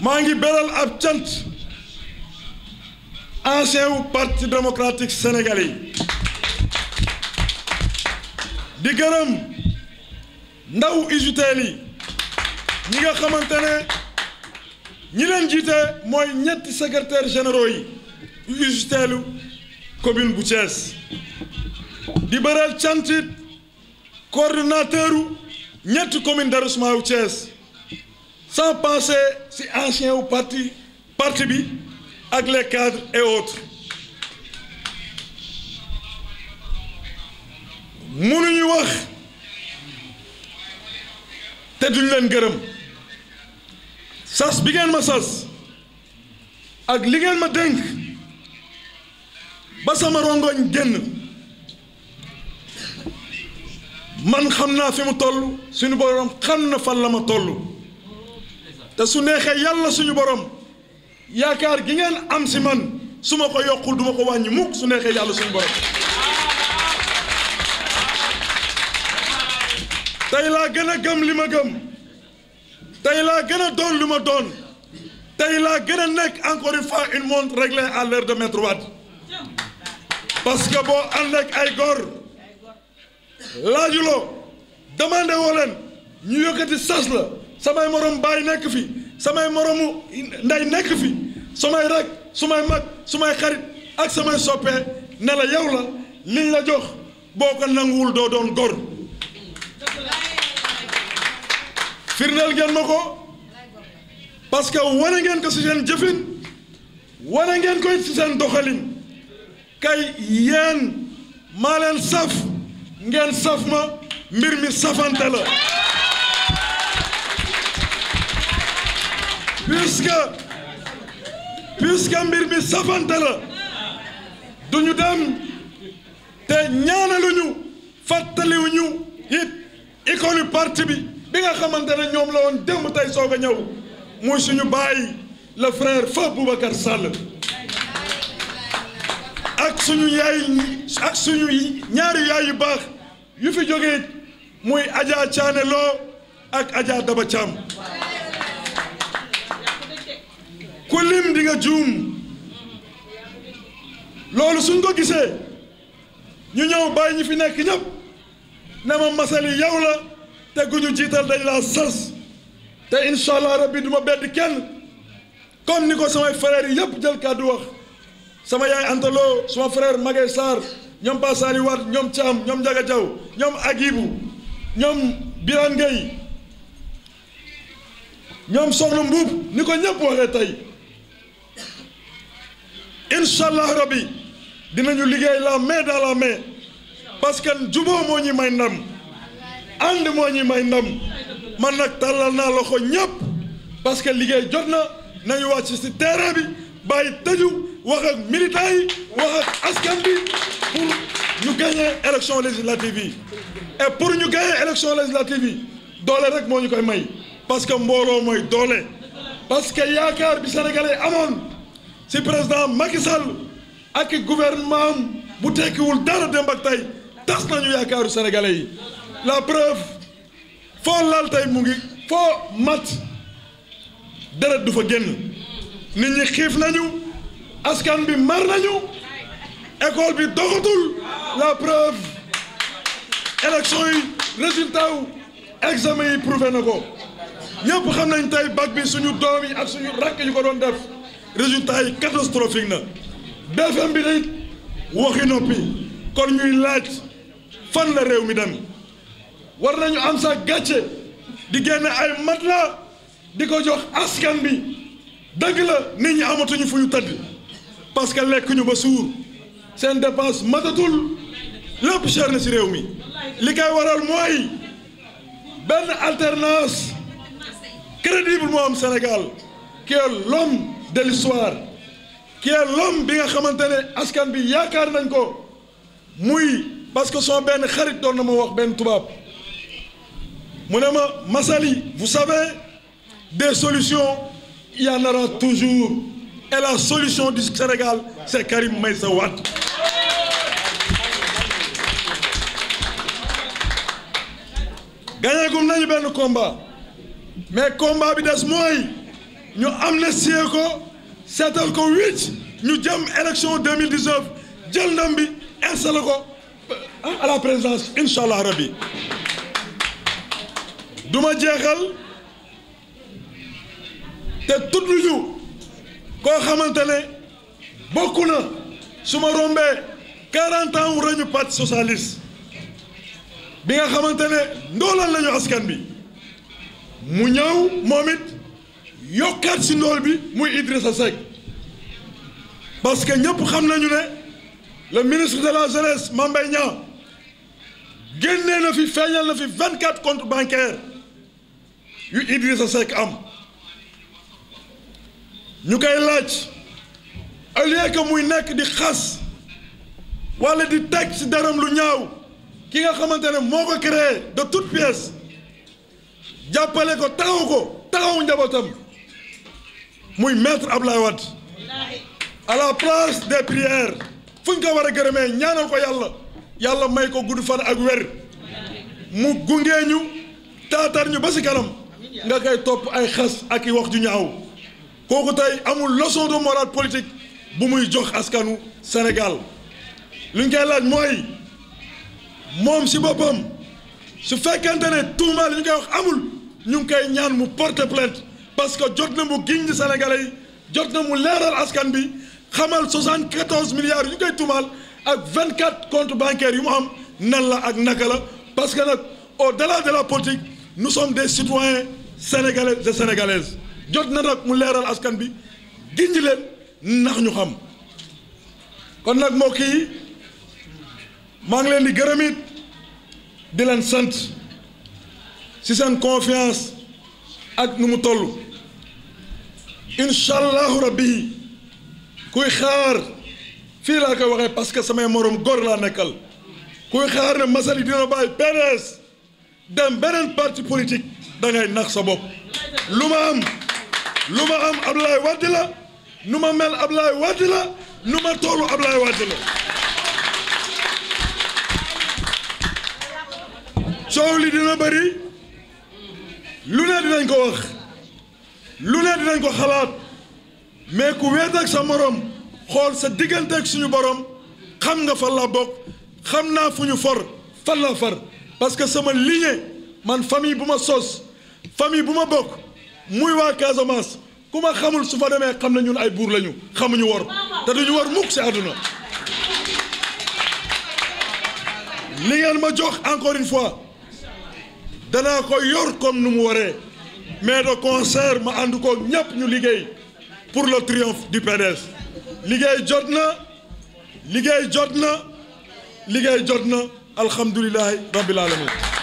maa ngi beral ab cant ancien wu parti démocratique sénégalais di gërëm ndaw usiteel yi ñi nga xamante ne ñi leen jiite mooy ñetti secrétaire généraux yi usiteelu commune bu Thiès di baral cantit coordonnateur u ñetti commune d'arrondissement wu Thiès sans penser ci ancien wu parti parti bi ak les cadres et autres mënuñu wax te duñ leen gërëm sas bi ngeen ma sas ak li ngeen ma dénk ba sama rongoñ génn man xam naa fi mu toll suñu borom xam na fan la ma tollu te su neexee yàlla suñu borom yaakaar gi ngeen am si man su ma ko yokkul duma ko wàññi mukk su neexee yàlla suñu borom tey laa gën a gëm li ma gëm tey laa gën a doon li ma doon tey laa gën a nekk encore une fois une montre réglée à l'heure de Maître Wade parce boo ànd ak ay góor laajuloo demandé woo leen ñu yëkkati sas la samay morom baay nekk fi samay moroomu ndey nekk fi samay rek sumay mag sumay xarit ak samay soppee ne la yow la liñ la jox boo ko nanguwul doo doon góor firndeel ngeen ma ko parce que wane ngeen ko ci seen jëfin wane ngeen koy ci seen doxalin kay yéen maa leen saf ngeen saf ma mbir mi safante la puisque puisque mbir mi safante la duñu dem te ñaanaluñu fàttaliwuñu it icône parti bi bi nga xamante ne ñoom la woon démb tey soog a ñaw muy suñu baay la frère feu Boubacar Sall ak suñu yaay ak suñu ñaari yaay yu baax yu fi jógee muy Adja Thiané Lo ak Adja Daba Thiam ku lim di nga juum loolu suñ ko gisee ñu ñëw bàyyi ñu fi nekk ñëpp ne ma masali yow la te ñu jiital dañ laa sas te incha allah rabbi du bedd kenn comme ni ko samay frères yi yëpp jël kàddu wax sama yaay antaloo sama frère Maguette Sarr ñoom Bassani Wade ñoom Thiam ñoom Ndiaga ñoom Aguibou ñoom Birane ñoom Soxna Mbuub ni ko ñëpp waxee tey incha allah rabbi dinañu liggéey la main dans la main parce que juboo moo ñuy may ndam. ànd moo ñu may ndam man nag tàllal loxo ñëpp parce que liggéey jot na nañu wàcc ci terrain bi bàyyi tëju wax ak militants wax ak askan bi pour ñu gagner élection législative yi et pour ñu gagner élection législative yi doole rek moo ñu koy may parce que mbooloo mooy doole parce que yaakaar bi sénégalais amoon ci président Macky Sall ak gouvernement bu tekkiwul dara démb ak tey tas nañu yaakaaru sénégalais yi la preuve foo laal tey mu ngi foo mat deret du fa génn nit ñi xiif nañu askan bi mar nañu école bi doxatul la preuve élection yi résultat wu yi prouvé na ko ñëpp xam nañ tey bac bi suñu doom yi ak suñu rakk yu ko doon def résultat yi catastrophique na BFM bi day waxi noppi kon ñuy laaj fan la réew mi dem war nañu am sax gàcce di génn ay la di ko jox askan bi dëgg la nit ñi amatuñu fu ñu tëdd parce que lekkuñu ba suur seen dépense matatul lépp cher na ci réew mi li koy waral mooy benn alternance crédible moo am Sénégal qui est l'homme de l'histoire qui est bi nga xamante ne askan bi yaakaar nañ ko muy parce que son benn xarit doon na ma wax benn tubaab mu ne ma Massaly vous savez de solution il y en aura toujours et la solution du Sénégal c'est Karim Meïssa Wade gañeegum nañu benn combat mais combat bi des mooy ñu amnistier ko seetal ko huit ñu jëm élection 2019 jël ndam bi installé ko ah, à la présidence incha allah rabbi duma ma jeexal te tudd ñu koo xamante ne bokk na su ma rombee quarante ans wu rañu parti socialiste bi nga xamante ne ndoolaan lañu askan bi mu ñëw moom it yokkaat si ndool bi muy Idrissa Seck parce que ñëpp xam nañu ne le ministre de la jeunesse Mame Mbaye Niang génnee na fi feeñal na fi vingt-quatre comptes bancaires yu Idrissa Seck am ñu koy laaj au lieu que muy nekk di xas walla di teg ci daram lu ñaaw ki nga xamante ne moo ko créé de toute pièce jàppale ko taxaw ko taxawu njabootam muy maître Abdoulaye Wade à la place des prières fu ñu ko war a gërëmee ñaanal ko yàlla yàlla may ko gudd far ak wer mu gungee ñu ba ci kanam. nga koy topp ay xas ak i wax ju ñaaw kooku tey amul leçon de morale politique bu muy jox askanu Sénégal luñ ñu koy laaj mooy moom si boppam su fekkente ne tuumaal ñu koy wax amul ñu ngi koy ñaan mu porter plainte parce que jot na mu giñ Sénégalais yi jot na mu leeral askan bi xamal 74 milliards yu ñu koy tuumaal ak 24 comptes bancaires yu mu am nan la ak naka la parce que nag au de la politique nous sommes des citoyens sénégalais et sénégalaises jot na nag mu leeral askan bi gindi leen ndax ñu xam kon nag mbokk yi maa ngi leen di gërëm it di leen sant ci seen confiance ak nu mu toll incha allahu bi kuy xaar fii laa koy waxee parce que samay morom góor laa nekkal kuy xaar ne Massaly dina bàyyi PDS dem beneen parti politique. da ngay nax sa bopp lu ma am lu ma am Ablaye Wade la nu ma mel Ablaye Wade la nu ma toolu Ablaye Wade la coow li dina bëri lu ne dinañ ko wax lu ne dinañ ko xalaat mais ak sa morom xool sa diggante ak suñu borom xam nga fan la bokk xam naa fu ñu for fan la far que sama lignée man famille bu ma sos famille bu ma bokk muy waa Casamance ku ma xamul su fa demee xam na ñun ay buur lañu xamuñu wor te duñu war mukk ci àdduna li ngeen ma jox encore une fois danaa ko yor comme nu mu waree mais de concert ma ànd ko ñëpp ñu liggéey pour le triomphe du PDS liggéey jot na liggéey jot na liggéey jot na alhamdulilahi rabbil alamin